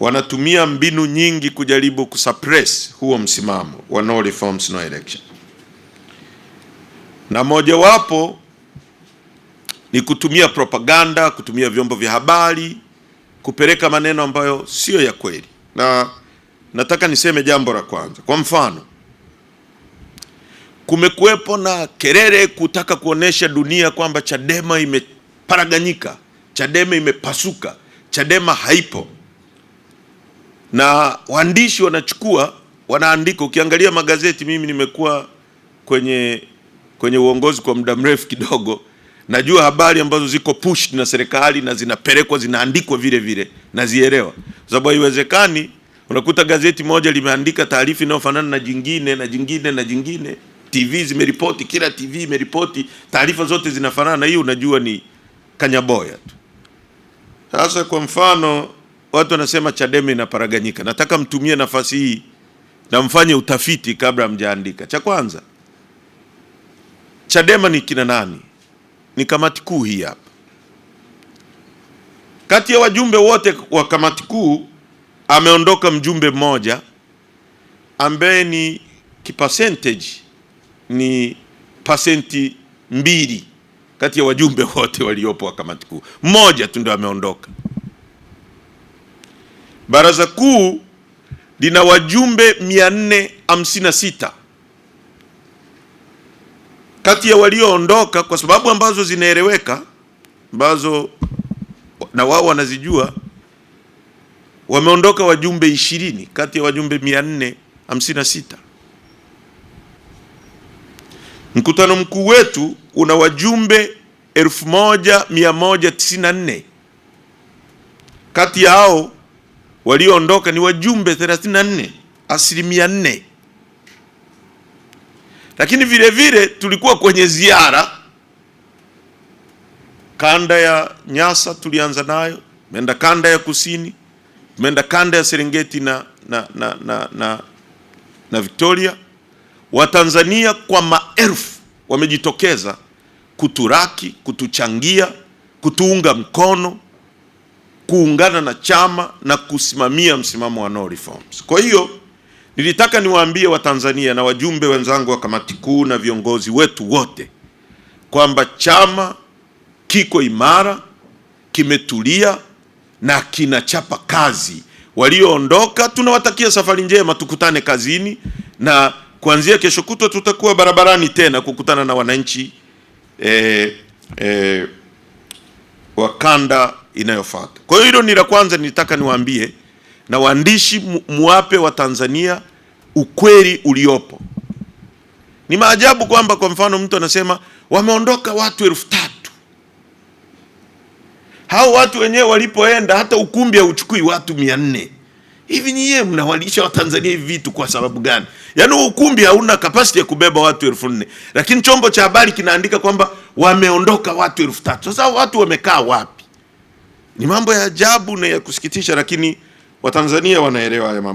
wanatumia mbinu nyingi kujaribu kusuppress huo msimamo wa no reforms no election, na mojawapo ni kutumia propaganda, kutumia vyombo vya habari kupeleka maneno ambayo siyo ya kweli. Na nataka niseme jambo la kwanza, kwa mfano kumekuwepo na kelele kutaka kuonesha dunia kwamba Chadema imeparaganyika, Chadema imepasuka, Chadema haipo na waandishi wanachukua wanaandika. Ukiangalia magazeti, mimi nimekuwa kwenye kwenye uongozi kwa muda mrefu kidogo, najua habari ambazo ziko push na serikali na zinapelekwa zinaandikwa vile vile, nazielewa, sababu haiwezekani unakuta gazeti moja limeandika taarifa inayofanana na jingine na jingine na jingine. TV zimeripoti, kila TV imeripoti, taarifa zote zinafanana. Hii unajua ni kanyaboya tu. Sasa kwa mfano watu wanasema Chadema inaparaganyika. Nataka mtumie nafasi hii na mfanye utafiti kabla mjaandika. Cha kwanza, Chadema ni kina nani? Ni kamati kuu hii hapa. Kati ya wajumbe wote wa kamati kuu ameondoka mjumbe mmoja ambaye ni kipercentage ni pasenti mbili kati ya wajumbe wote waliopo wa kamati kuu, mmoja tu ndio ameondoka. Baraza kuu lina wajumbe 456 kati ya walioondoka kwa sababu ambazo zinaeleweka, ambazo na wao wanazijua, wameondoka wajumbe 20 kati ya wajumbe 456. Mkutano mkuu wetu una wajumbe 1194 kati ya hao walioondoka ni wajumbe 34, asilimia nne. Lakini vile vile tulikuwa kwenye ziara kanda ya Nyasa, tulianza nayo, tumeenda kanda ya Kusini, tumeenda kanda ya Serengeti na, na, na, na, na, na Victoria. Watanzania kwa maelfu wamejitokeza kuturaki, kutuchangia, kutuunga mkono kuungana na chama na kusimamia msimamo wa no reforms. Kwa hiyo nilitaka niwaambie Watanzania na wajumbe wenzangu wa kamati kuu na viongozi wetu wote kwamba chama kiko imara, kimetulia na kinachapa kazi. Walioondoka tunawatakia safari njema, tukutane kazini, na kuanzia kesho kutwa tutakuwa barabarani tena kukutana na wananchi eh, eh, wa kanda inayofuata. Kwa hiyo hilo ni la kwanza, nilitaka niwaambie na waandishi muwape wa Tanzania ukweli uliopo. Ni maajabu kwamba kwa mfano mtu anasema wameondoka watu elfu tatu. Hao watu wenyewe walipoenda hata ukumbi hauchukui watu mia nne. Hivi nyie mnawalisha Watanzania hivi vitu kwa sababu gani? Yaani ukumbi hauna kapasiti ya kubeba watu elfu nne lakini chombo cha habari kinaandika kwamba wameondoka watu elfu tatu. Sasa watu wamekaa wapi? Ni mambo ya ajabu na ya kusikitisha, lakini Watanzania wanaelewa haya mambo.